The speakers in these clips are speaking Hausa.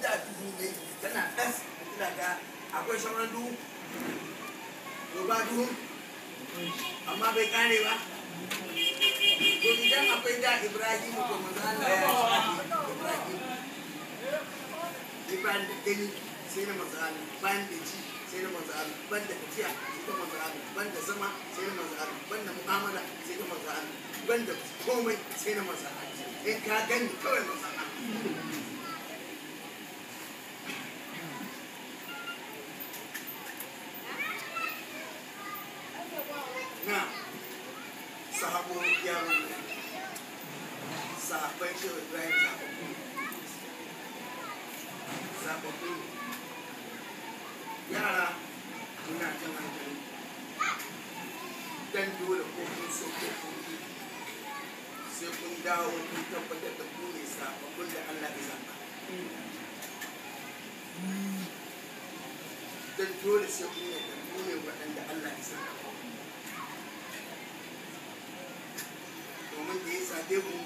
inda duhu ne tana ɗas ina ga akwai shawarar duhu to ba duhu amma bai kare ba to idan akwai da ibrahim to manzo Allah ya ibrahim ibrahim da gani sai na manzo Allah bayan da ci sai na manzo Allah ban da tafiya sai na manzo Allah ban da zama sai na manzo Allah ban da mu'amala sai na manzo Allah ban da komai sai na manzo Allah in ka gani kawai manzo Allah dole sai kun yi da mu ne waɗanda Allah ya saka domin da ya sabe mu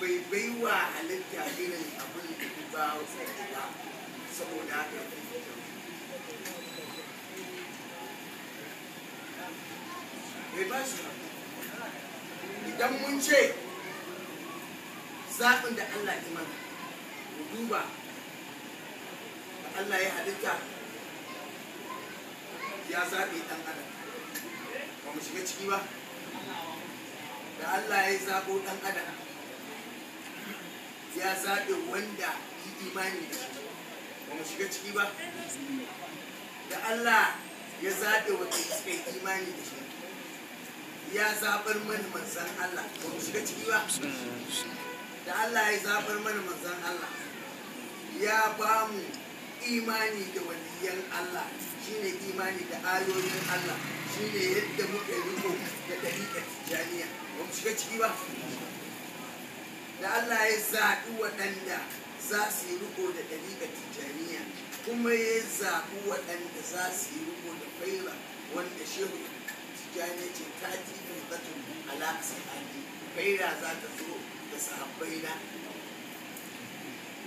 bai bai wa halitta irin abin da ba wasu ba saboda haka bai ba shi idan mun ce zaɓin da Allah ya mana mu duba da Allah ya halitta ya zaɓe ɗan adam ba mu shiga ciki ba da Allah ya zaɓo ɗan adam ya zaɓe wanda yi imani da shi. ba mu shiga ciki ba da Allah ya zaɓe wanda suka yi imani da shi ya zaɓar mana manzan Allah ba mu shiga ciki ba da Allah ya zaɓar mana manzan Allah ya ba mu imani da waliyan Allah shine imani da ayoyin Allah shine yadda muka riko da ɗariƙar tijjaniya ba mu shiga ciki ba da Allah ya zaɓi waɗanda za su yi riko da ɗariƙar tijjaniya kuma ya zaɓi waɗanda za su yi riko da faila wanda shehu tijjani ce ta tifin zatun alaƙa sahani faila za ta zo da sahabbai na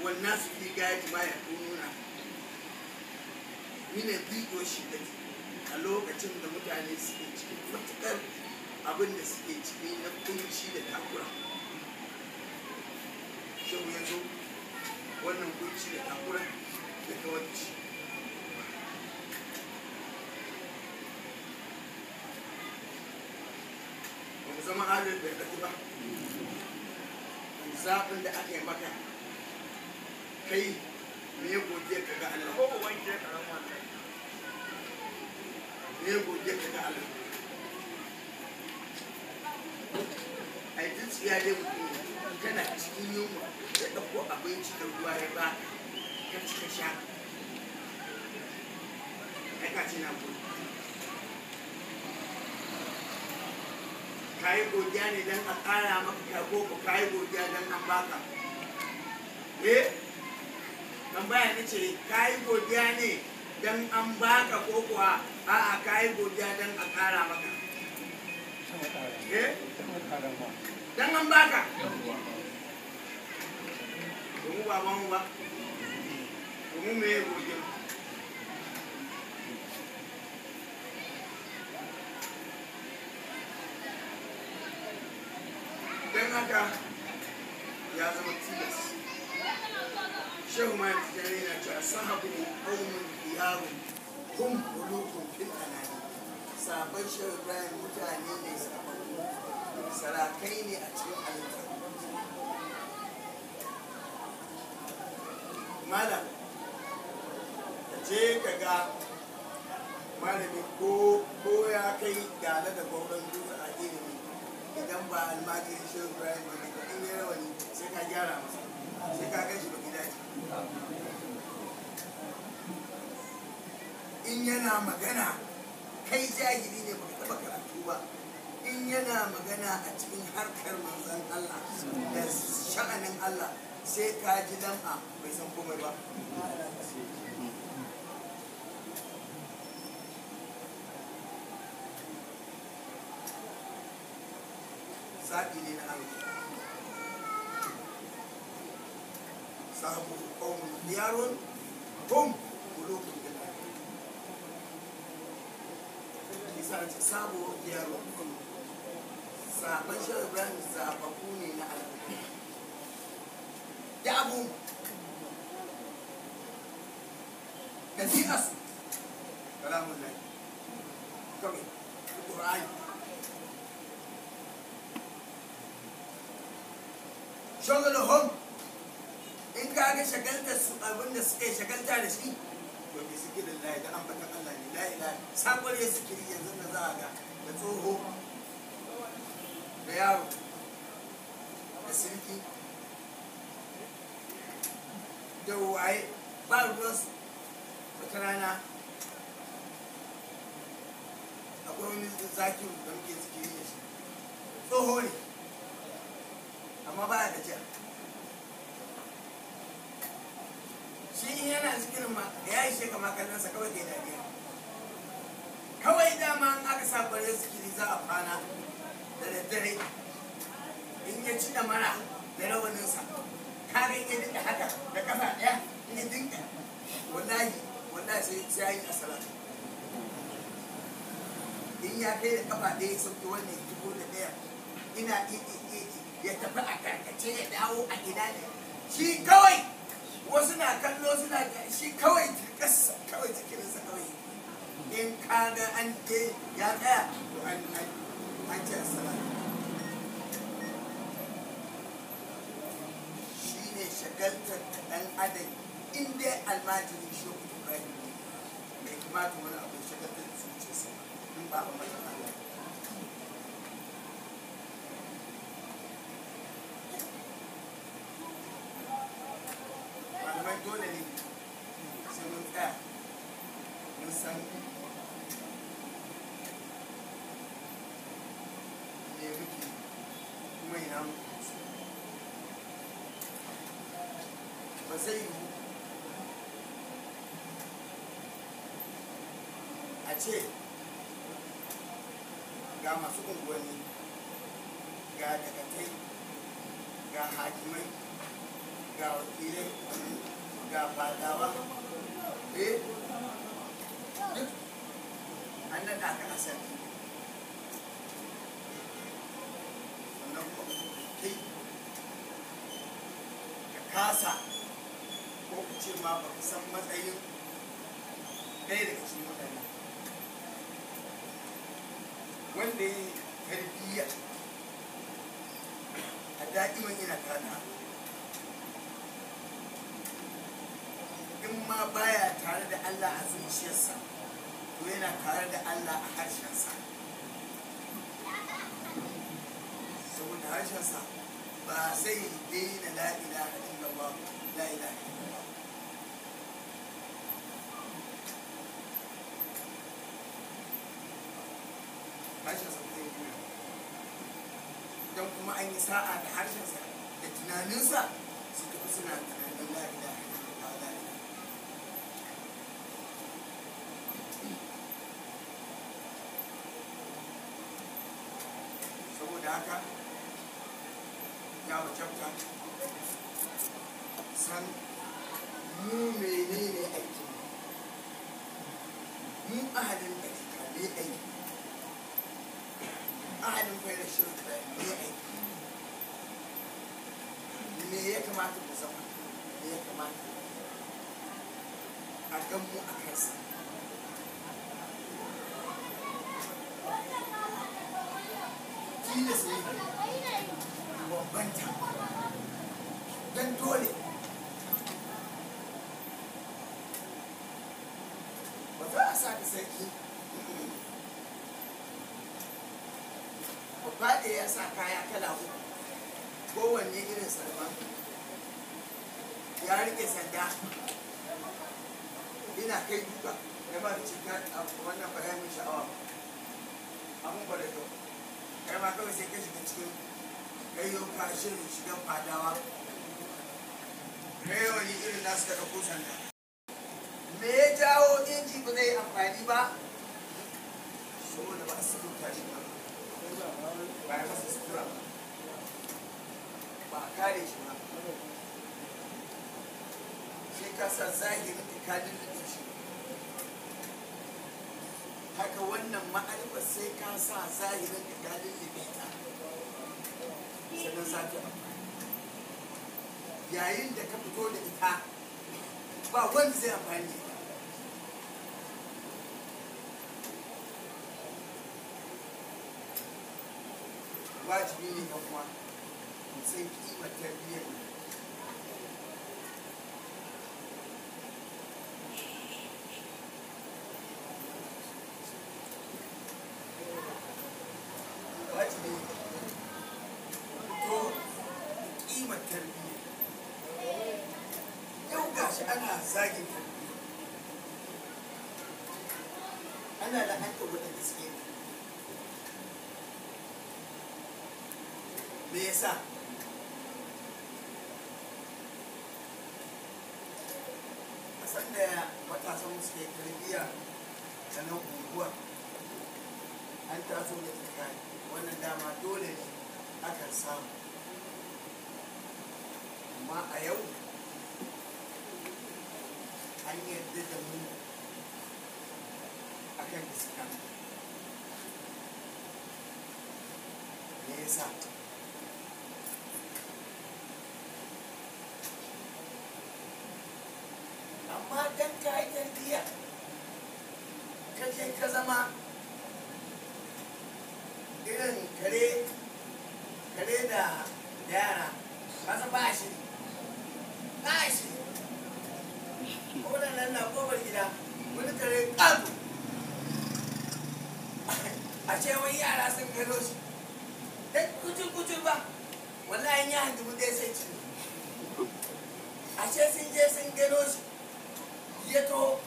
wannan su fi gaji ma ya kununa ne zigo shi da a lokacin da mutane suke cikin matukar abin da suke ciki na kunci da takura shau ya zo wannan kunci da takura da kawanci ba mu zama halin da ba zaɓin da aka yi maka kai me godiya ka ga Allah ko wanke me ka ga Allah ai duk tsiya dai kana cikin yunwa da ɗauko abinci da ruwa ya ba ka cika sha ai ka ce na gode kayi godiya ne dan a ƙara maka ko ka kayi godiya dan an baka eh tambaya ce ka godiya ne don an baka ko kuwa a'a ka godiya don a kara maka eh? don an ba mu ba shehu ma tijjani yana ta sahabu qaumun diyarun hum qulubun fil anani sabon shehu ibrahim mutane ne sahabbu sarakai ne a cikin halitta malam ka je ka ga malami ko ya kai gane da gwamnan dutse a ilimi idan ba almajirin shehu ibrahim ba ne in yi rawani sai ka gyara masa sai ka gashi in yana magana kai jahili ne baka taba karatu ba in yana magana a cikin harkar manzon Allah da sha'anin Allah sai ka ji dam'a bai san komai ba ne na sahabu qaumun diyarun hum qulubun bilahi sahabu diyarun ibrahim ne na al'umma da abu ɗabi'arsu kalamun lai kawai shagalta su abin da suke yi shagalta da shi to bi suke da lai da ambatan Allah ne la ilaha sabuwar ya suke yanzu da za a ga da tsoho da yaro da sirki da waye ba ruwansu wata rana akwai wani zaki da muke suke yi tsoho ne amma ba da jiya shi in yana zikirin ma da ya ishe kama kallonsa kawai da dariya kawai dama in aka sa kwarar zikiri za a kwana da daddare in ya ci da mara da rawaninsa kaga in ya dinka haka da kafa ɗaya in ya dinka wallahi wallahi sai ya yi asara in ya kai da kafa ɗaya ya sauke wannan ya tuko da ɗaya ina ya tafi a karkace ya dawo a gida ne shi kawai wasu na kallo suna shi kawai tirkas kawai jikinsa kawai in kaga an ke ya tsaya to an an ce assalamu ne shagaltar ta dan adam in dai almajiri shi ibrahim bai kamata wani abu shagaltar zuciyarsa in ba ba mata Allah dole ne sai mun tsaya mun san me muke kuma ina muke ba zai yiwu a ce ga masu unguwanni ga ga hakimai ga wakilai ga fadawa eh duk an naɗa ka asali wannan kai ka kasa ko ku ce ma ba ku san matsayin ɗaya daga cikin mutane wanda ya yi tarbiyya a da'iman yana kana ma baya tare da Allah a zuciyarsa to yana tare da Allah a harshensa saboda harshensa ba zai daina la ilaha illallah la ilaha illallah harshensa ba zai daina dan kuma an yi sa'a da harshensa da tunaninsa su tafi suna tunanin la ilaha kyauta san mu menene aiki mu ahalin ɗarika ne aiki ahalin shirka ne aiki me ya kamata zama me ya kamata a gan mu a kansa sa da sarki babba da ya sa kaya kala uku kowanne irin salma. ya rike sanda ina kai duka ya ba da cikin wannan ba sha'awa abun ba da kai ma kawai sai ka shiga cikin kayo shirin shigan fadawa kai ni irin nasu ka ɗauko sanda me ya jawo in ba zai amfani ba saboda ba a shi ba ba ya masa sutura ba kare sai kasa zahirin da haka wannan ma'arifa sai ka sa zahirin da ta sannan za ta yayin da ka fito da ita ba wani zai amfani large meaning of man. He said, immaterial. sannan unguwar an taso da tsakani wannan dama dole ne akan samu amma a yau an yarda da mu akan gaskiya me yasa amma dan ka yi in ka zama irin kare kare da yara kasa ba shi ba shi na kofar gida wani kare ƙato a wani yara sun gano shi da kucin-kucin ba wallahi ya hannu mu dai sai cin a ce sun je sun gano shi ya to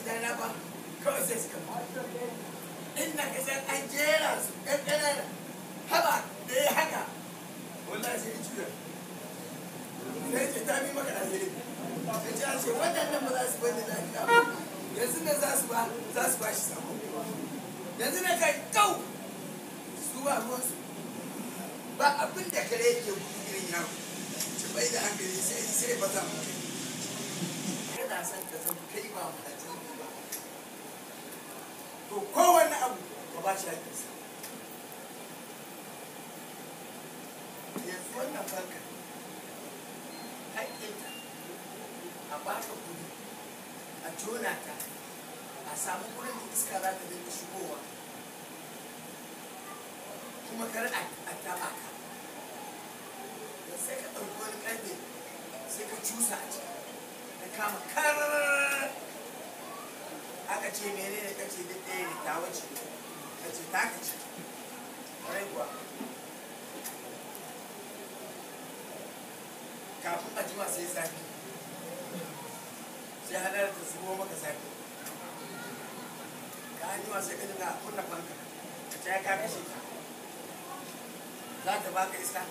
gidana ba kawai sai suka inda ka san an jera su ɗan da haba da ya haka wallahi sai ya juya sai ce ta bi maka alheri sai ce a ce waɗannan ba za su bani lafiya ba yanzu ne za su ba za su ba shi sako yanzu ne kai kau su ba ruwansu ba abin da kare yake gudu irin yawo ci bai da hankali sai sai ba za mu kai kana son ka san kai ba mu to kowane abu ba ba shi haƙƙinsa yanzu wannan banka haƙƙinta a baka ka kuɗi a jona ta a samu wurin da iska za ta dinga shigowa kuma kar a taɓa ka sai ka ɗauki wani ƙarfe sai ka cusa a ciki da kama karar aka ce mene ne ka ce duk ɗaya ne ta wuce ka ce ta ka ce ƙwarai kuwa kafin a jima sai zafi sai hadar da zubo maka zafi ka an jima sai ka jina kunna fanka ka ce ya ka kashe ka za ta baka iska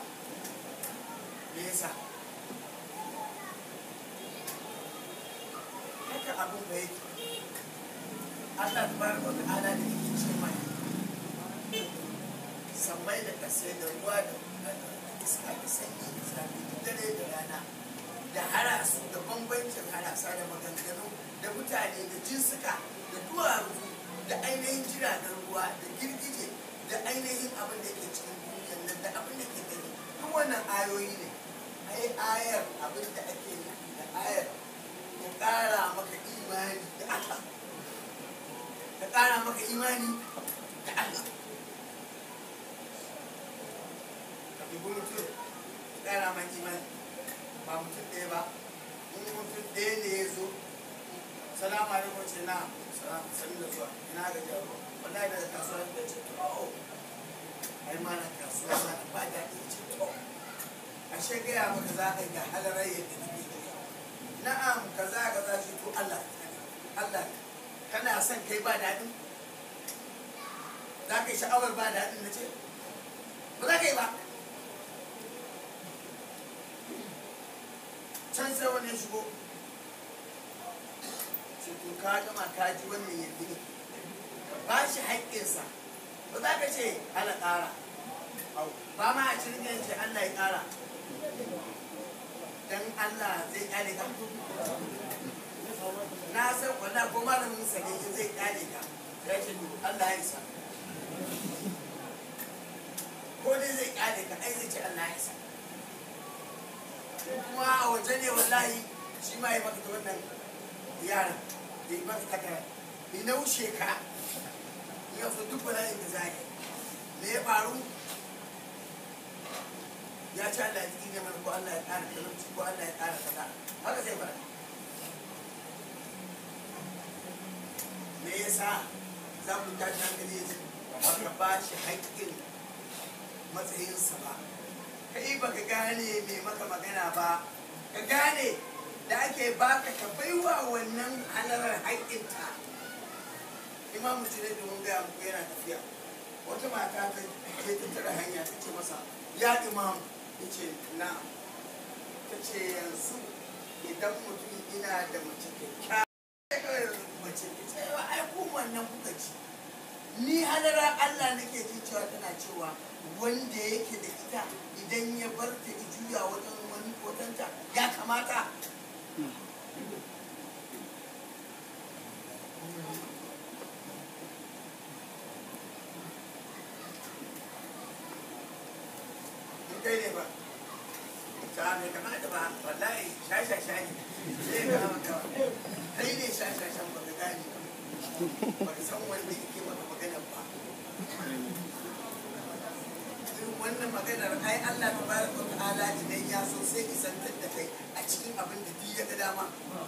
me yasa haka abin da yake Allah tabaraka ga ala da yake ce mana sammai da kasai da ruwa da iska da sanyi da zafi da dare da rana da harasu da bambancin harasa da maganganu da mutane da jinsuka da duwatsu da ainihin jiragen ruwa da girgije da ainihin abin da ke cikin duniyan nan da abin da ke gani duk wannan ayoyi ne ai ayar abin da ake yi da ayar ya ƙara maka imani da Allah ta ƙara maka imani da Allah ka dubi mutum ta ƙara maka imani ba mutum ɗaya ba in mutum ɗaya ne ya zo salamu alaikum ce na sami da zuwa ina ga jaro wallahi daga kasuwa da ce to o'o ai ma na kasuwa na ba da ke ce to ashe gaya maka za ka yi da halarai yadda nake na'am ka kaza kaza ce to Allah Allah kana son kai ba daɗi za ka yi sha'awar ba daɗin na ce ba za ka yi ba can sai wani shigo cikin ka gama ka ji wannan yadda ne ba shi haƙƙinsa ba za ka ce ala ƙara ba ma a cikin ce Allah ya ƙara dan Allah zai ƙare ka na san wanda ko malamin sanin zai kare ka rashin Allah ya isa ko dai zai kare ka ai zai ce Allah ya isa kuma a waje ne wallahi shi ma ya maka wannan yaran da ya maka taka ya naushe ka ya fi duk bala'in da za ka me ya faru ya ci Allah ya tsine mana ko Allah ya kara talauci ko Allah ya kara kaza haka zai faru me yasa za ku tashi hankali ba ka ba shi haƙƙin matsayinsa ba kai ba ka gane mai maka magana ba ka gane da ake baka ka baiwa wannan halarar haƙƙinta imam musulun da mun gaya muku yana tafiya wata mata ta ke tattara hanya ta ce masa ya imam ya ce na ta ce yanzu idan mutum ina da mace kyakkyawa lokacin da cewa ai wannan kuka ci ni halara Allah nake ji cewa tana cewa wanda yake da ita idan ya bar ta juya wajen wani kotanta ya kamata ba ta ne ba wallahi ne ba ka san wanda yake maka magana ba wannan maganar ai Allah ta bari ko ta'ala idan ya so sai isantar da kai a cikin abin da ya ga dama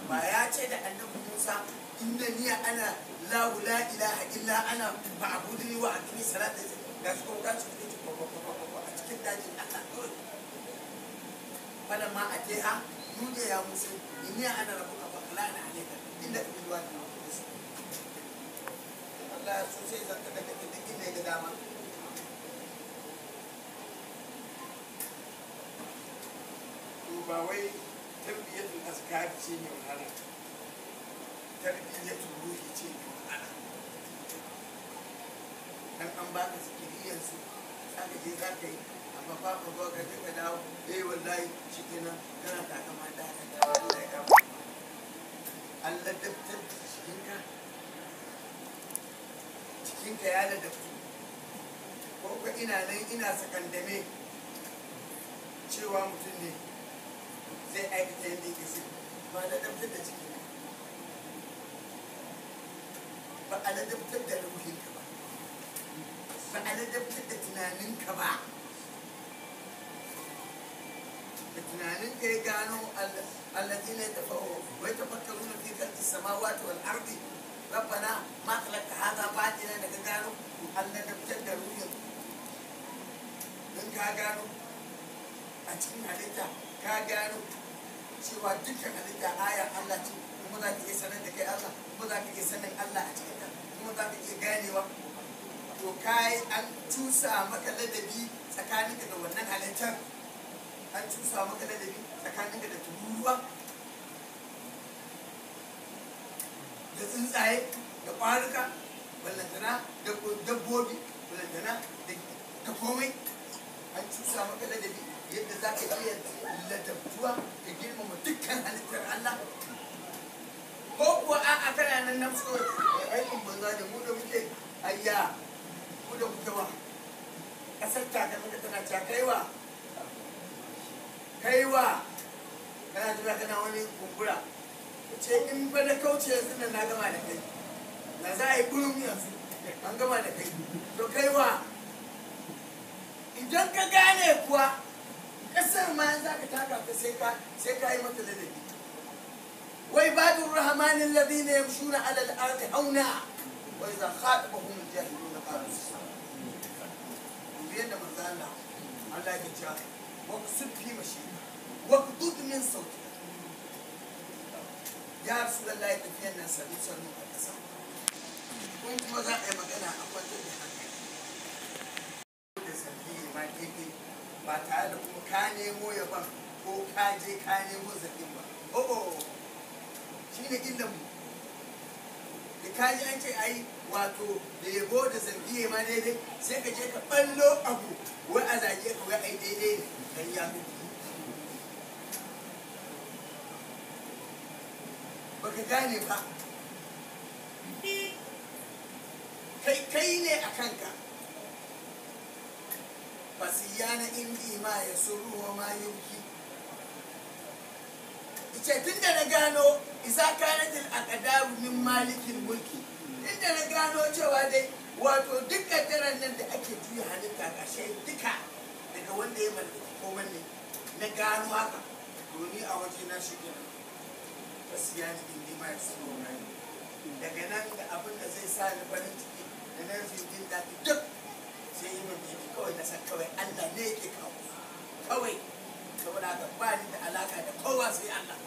ba ya ce da annabi Musa inna niya ana la la ilaha illa ana ba'budni wa aqimi salata ga su ko ka cikin a cikin daji dajin Allah kawai falamma atiha nuje ya musu inni ana rabbuka fa qala ana alayka inda bil wadi Allah su sai zaka daga duk inda ya ga dama to ba wai tarbiyatul azkar ce ne wahala tarbiyatul ruhi ce ne wahala dan an baka zikiriyan su zaka je za ka yi amma ba ka zo ka dinga dawo eh wallahi shikenan kana takamata da Allah ya dawo Allah dabtar da shi ka jikinka ya da datti ko ka ina nan ina sakandame cewa mutum ne zai aikata yadda yake so ba da dabtar da jiki ba a na dabtar da ruhinka ba ba a na dabtar da tunaninka ba da tunaninka ya gano allazina ya tafawo wai tafakkaruna fi kan samawati wal ardi rabbana ma kalaka haza batina daga gano Allah da fitar da ruhin don ka gano a cikin halitta ka gano cewa dukkan halitta aya Allah ce kuma za ka iya sanar da kai Allah kuma za sanin Allah a cikin kuma za to kai an tusa maka ladabi tsakaninka da wannan halittar an tusa maka ladabi tsakaninka da tururuwa da tsuntsaye da kwaruka ballantana da dabbobi ballantana da komai an cusa maka ladabi yadda za ka iya ladabtuwa da girmama dukkan halittar Allah ko kuwa a kana nan nan so aikin banza da mu da muke ayya mu da muke wa kasar ta ta muka tana ta kaiwa kaiwa kana tana kana wani kumbura ce in ba na kauce yanzu nan na gama da kai na za a yi gurum yanzu an gama da kai to kai wa idan ka gane kuwa kasar ma za ka taka ta sai ka sai ka yi mata ladabi wai badur rahmanin ladina yamshuna ala al-ardi hauna wa idza khatabahum al-jahiluna qalu biyan da manzo Allah Allah ya ce wa kusur fi mashi wa kudud min sauti ya rasu da layi tafiyan nan sannu sannu a ƙasa kun kuma za a yi magana a kwantar da hankali da sannu ne ma daidai ba tare da kuma ka nemo yaban ko ka je ka nemo zaɓin ba o'o shi ne illan mu da ka ji an ce a yi wato da yabo da zargi ma daidai sai ka je ka ballo abu wai a zage ka wai ai daidai ne dan ya mutu ka gane ba kai kai ne a kanka fasiyana indi ma ya suruwa ma yuki ice tun da na gano isa kanatin kadaru min malikin mulki tun da na gano cewa dai wato duk kaddaran nan da ake juya halitta ƙashe duka daga wanda ya mallaki ko wanne na gano haka domin a waje na shi kenan gaskiya jikin ni ma yanzu nuna daga nan da abin da zai sa ni farin ciki da na rufin jin daɗi duk sai yi min jiki kawai na san kawai Allah ne yake kawo kawai saboda haka ba ni da alaka da kowa sai Allah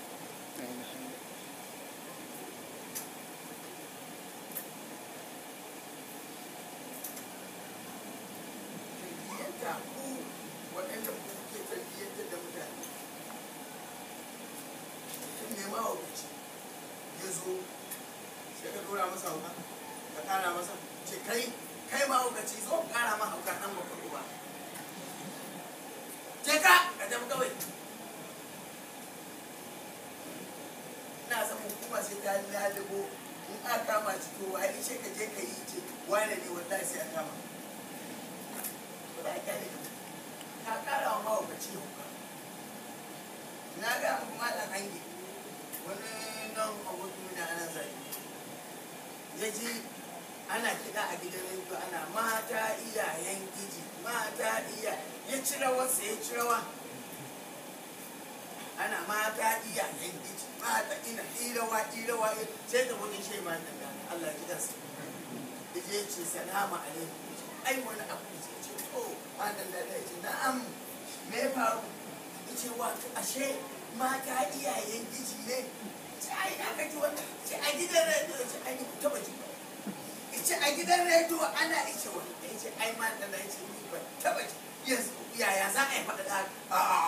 waɗanda zo sai ka dora masa hauka ka kara masa ce kai kai ma hukaci zo kara ma hauka nan ba ka ba ce ka ka tafi kawai ina son hukuma sai ta lalubo in a kama ci to wa ai sai ka je ka yi ce wane ne wanda sai a kama ba ka ne ka kara wa mahaukaci hauka na ga kuma da hangi wani nan abokin da na zafi ya ji ana kiɗa a gidan rediyo ana mata iyayen giji mata iya ya ci rawarsa ya ci rawa ana mata iyayen giji mata ina ilawa ilawa sai da wani shi ma da Allah ji da su je ce salamu alaikum ai wani abu da ce to malam da ya ce na'am me faru ce wato ashe mata iyayen giji wallahi da na yi ban taba yanzu yaya za a yi faɗaɗa a'a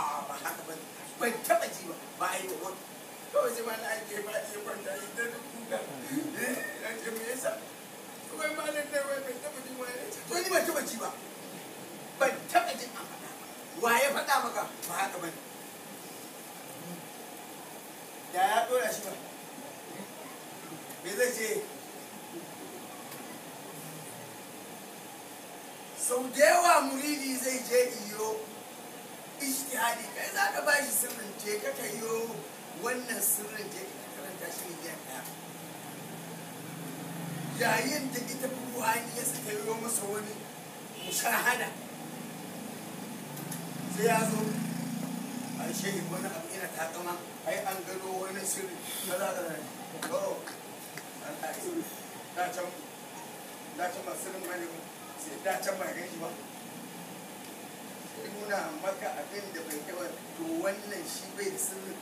nuna maka abin da bai kai to wannan shi bai da sirrin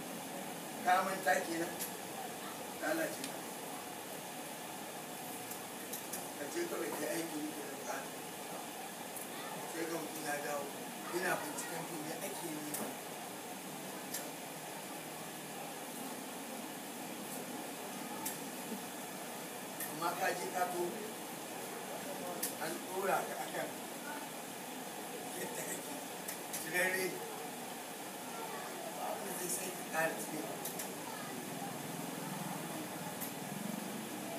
Ka manta kenan lalace ka je kawai ka aiki ne da ba. sai ga mutum ya dawo ina binciken to me ake ne amma ka je ka to an dora ka akan very, what would they say, attitude.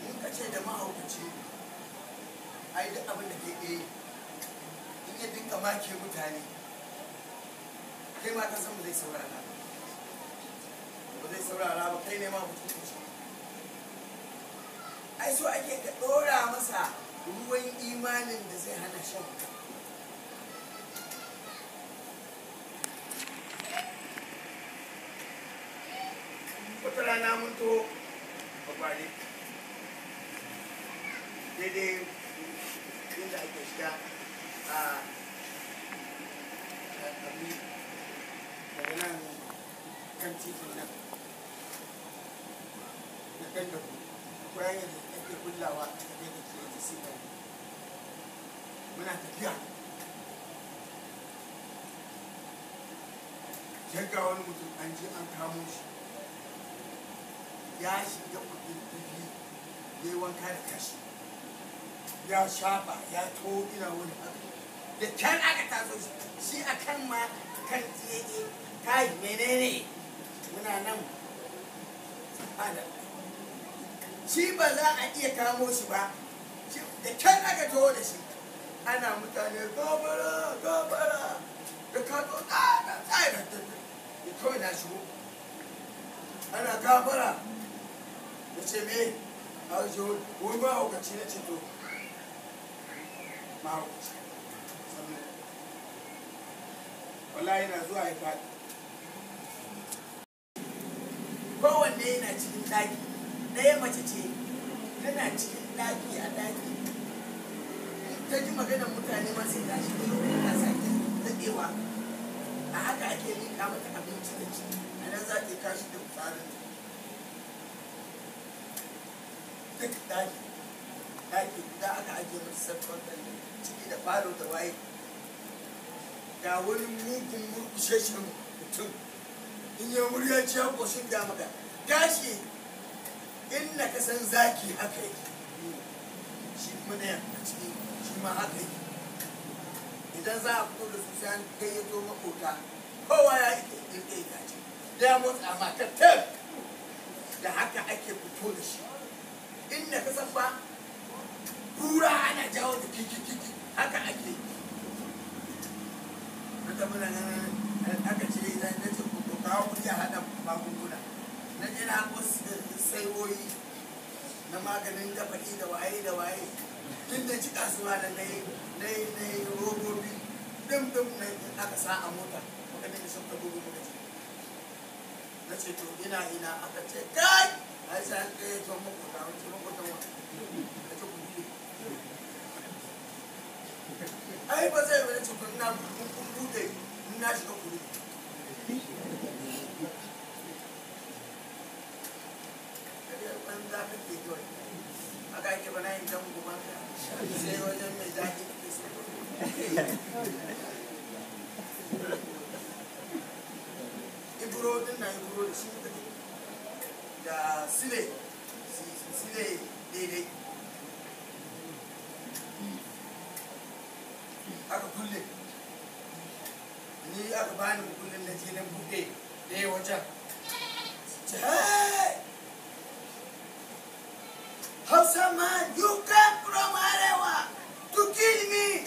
In ka ce da mahaukaci, ai duk abin da ke ɗaya, in ya kama ke mutane, kai ma ka san ba zai saurara. Ba zai saurara ba kai ne ma mutum ce. Ai so ake ka ɗora masa ruwan imanin da zai hana shan wurare daidai inda ake shiga a abu daga nan kan titin nan na kan da akwai hanyar da ake kullawa a cikin da ke da sika muna tafiya yanka wani mutum an je an kamo shi ya shiga kudin kudi ne wanka da kashi ya shafa ya to ina wani haka da can aka taso shi a kan ma kan tsaye yi menene muna nan ba shi ba za a iya kamo shi ba da can aka taho da shi ana mutane gobara gobara da ka zo da tsada da kawai na shigo ana gabara ya ce me a ce wani ba haukaci na ce to ma haukaci wallahi yana zuwa ya faɗi kowanne yana cikin ɗaki ɗaya mace ce tana cikin ɗaki a ɗaki ta ji maganar mutane ma sai tashi ta yi ta sake daɗewa a haka ake miƙa mata abinci da ci a nan za ta kashi da fitsarin duk daki daki guda aka ajiye mata sabon kalli ciki da falo da waye da wani mugun murkusheshen mutum in yi murya ciya ƙoshin da maka gashi in na ka san zaki haka yi. shi kuma na a ciki shi ma haka yake idan za a fito da su sai an gayyato makota kowa ya yi ɗin ɗin ɗin da ya motsa ma ka da haka ake fito da shi inda ka san ba kura ana jawo ta kiki haka ake wata mana nan aka ce na na ce ku kawo kuɗi haɗa magunguna na je na wasu saiwoyi na maganin dafaɗi da waye da waye tun da ci kasuwa da na yi na yi robobi dum ɗin aka sa a mota muka dinga sun ka gugu muka ce na ce to ina ina aka ce kai ai sai an to makota ce makota wa ce ku bude ai ba zai wani na kun bude na shiga bana mai goro din nan goro da shi mutane da sile sile daidai aka kulle ni aka bani kullun nan da ya you from Arewa to kill me.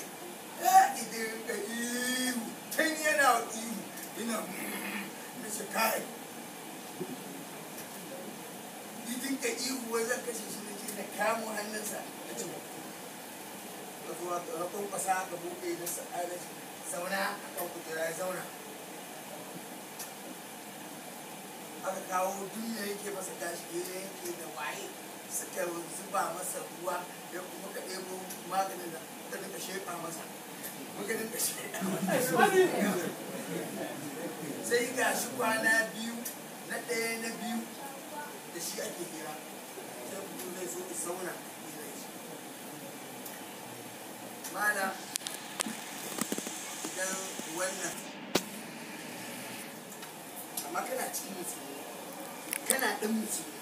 Eh, ina mm. su kai ihu wai zan kashe shi da ke Lo que hannunsa a ci da kuma rakon kwasa ka buɗe da sa'ada zauna a kan kujera ya zauna aka kawo duniya yake masa tashi ya yanke da waye suka zuba masa ruwa ya kuma ka ɗebo maganin da ka dinka masa maganin ka sheƙa masa sai ga shi kwana biyu na ɗaya na biyu da shi ake hira sai mutum zai so zauna hira shi mana idan wannan amma kana cikin musulmi kana ɗan musulmi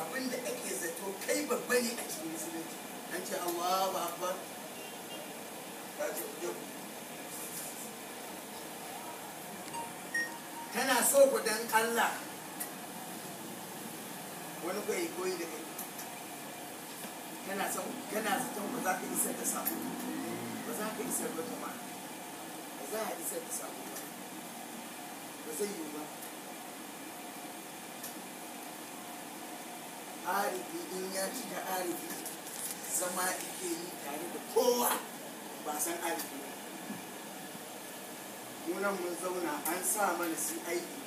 abinda ake zato kai babba ne a cikin musulunci an ce Allahu akbar ka ce kana so ku dan Allah wani ku koyi da kai kana so tana so ba za ka isa da samu ba za ka isa da kuma ba za ka isa da samu ba ba zai yi ba arifi in ya ci da arifi zama ake yi tare da kowa ba san arifi ba munan mun zauna an sa mana su aiki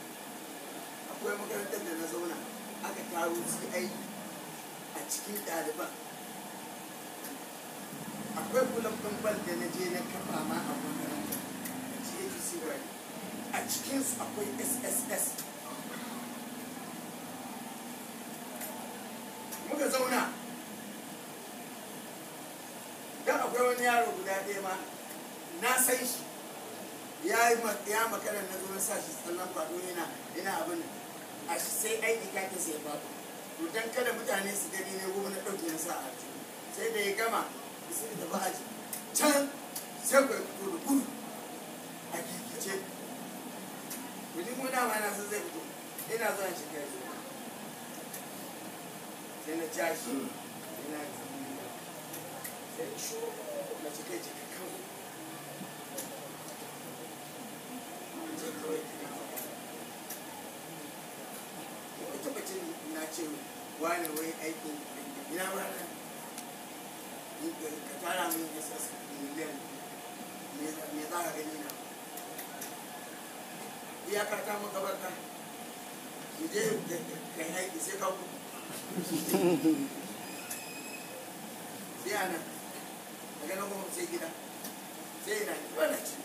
akwai makarantar da na zauna aka taro su aiki a cikin ɗaliban akwai kulan bambal da na je na kafa ma a makarantar a cikin su akwai sss muka zauna don akwai wani yaro guda ɗaya ma na san shi ya makara na zuwa sa shi tsallan kwado yana yana abin a shi sai aiki ka ta sai faɗo to dan kada mutane su gani ne goma na ɗauki na sa a sai da ya gama sai da ba a can sai ku fito da gudu a gigice kuli mu dama na san zai fito ina zuwa shi kai sai na ja shi ina sai shi na cikai cikai bani wani aiki ina ba nan ka tara min za ka gani na karta maka sai ka sai ana daga nan sai gida sai na ci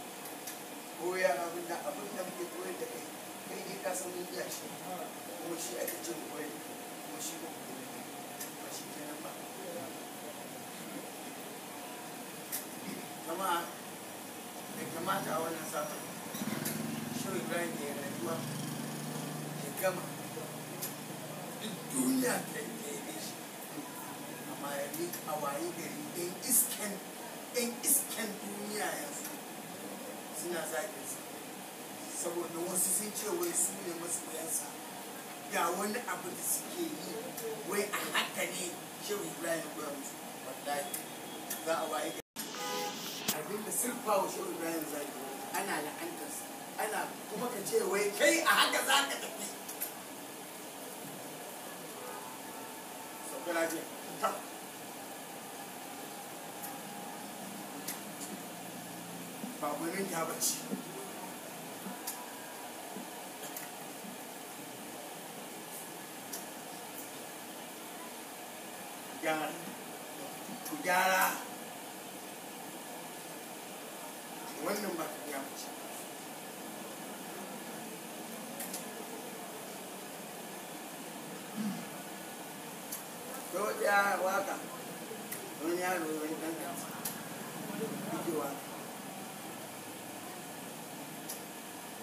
koya abin da abin da muke koyar da kai kai ne ka san mun shi kuma shi ake ce mu kuma shi ku ba shi kenan ba kama da kamata a wannan ibrahim da ya rayuwa ya gama duk duniya ta yi ne shi amma ya a gari ɗan isken ɗan isken duniya yanzu suna zagin su saboda wasu sun ce wai su ne masu masoyansa ga wani abu da suke yi wai a haka ne shehu ibrahim ya musu wallahi za a waye abin da sirfa wa shehu ibrahim zagi ana la'antarsa ana kuma ka ce wai kai a haka za ka tafi saukar Jangan mwenye kiabati. Tujara. Tujara. Mwenye mbaki kiabati. Tujara waka. Tujara waka. Tujara waka. Tujara waka.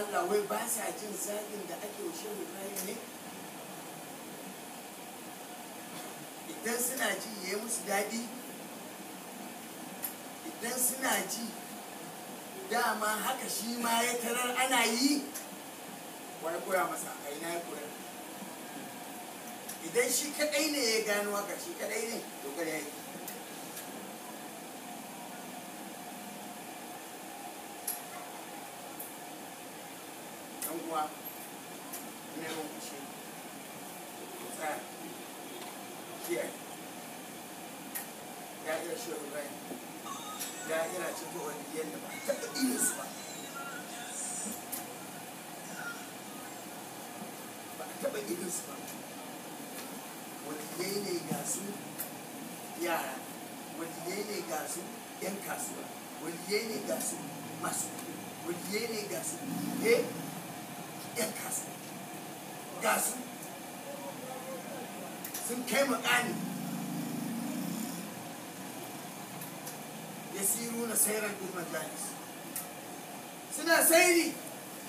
Allah wai ba sa jin zagin da ake wa mu kayan ne idan suna ji ya yi musu daɗi idan suna ji dama haka shi ma ya tarar ana yi wani koya masa a ina ya koyar idan shi kaɗai ne ya gano haka shi kaɗai ne to ya yi sairan kuma lalis suna sairi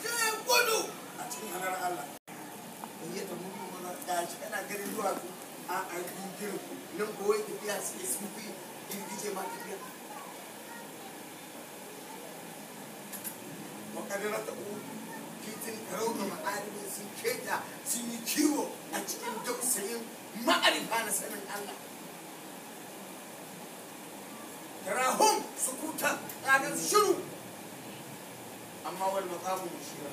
suna gudu a cikin hanar Allah ta mummuna maza gashi kana ganin zuwa ku a ainihin girin nan kowai tafiya suke sun fi girgije ma tafiya makarira ta uku titin karau ma'arifin sun keta sun yi kiwo a cikin duk sayin ma'arifa na sanin Allah. Tarahu كاس شنو؟ أما هو المقام المشير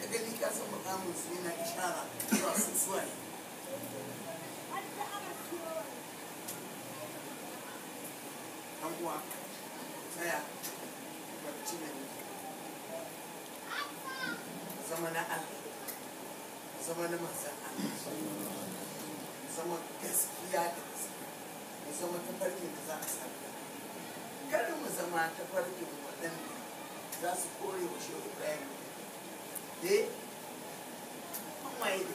قال لي كاس المقام المسلمين إشارة راس سؤال أموا تيا برتيني زمن الله زمن مهزن الله زمن كسبيات زمن تبركين كذا أسأل kada mu zama ta farkin waɗanda za su kore wa shehu ibrahim da mamaye da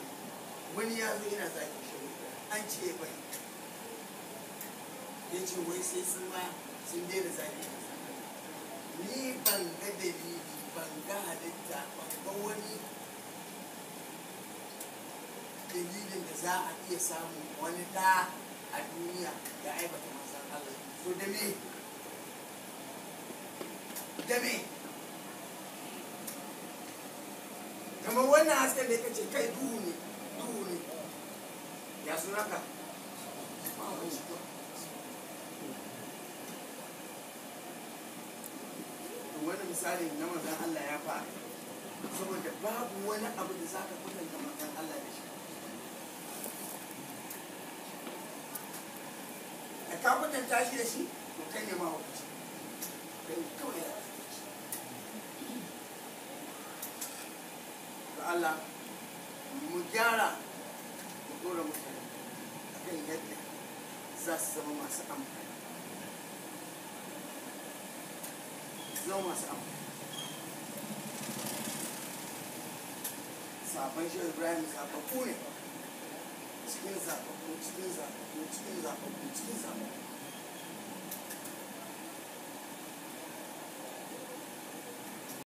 wani ya zo yana zaki shehu an ce bai ya ce wai sai sun ma sun daina zaki ni ban ga dalili ban ga halitta ban ga wani dalilin da za a iya samun wani da a duniya ya aibata manzan Allah. So da me da me kamar wannan hasken da kace kai duhu ne duhu ne ya sunaka wani misali na manzan Allah ya fara saboda babu wani abu da zaka kwatanta manzan Allah da shi da ka kwatanta shi da shi to kai ne ma hukunci kai kawai Allah mu gyara mu dora mutane akan yadda za su zama masu amfani zama masu amfani sabon shi ibrahim zaɓaɓɓu ne cikin zaɓaɓɓu cikin zaɓaɓɓu cikin zaɓaɓɓu cikin zaɓaɓɓu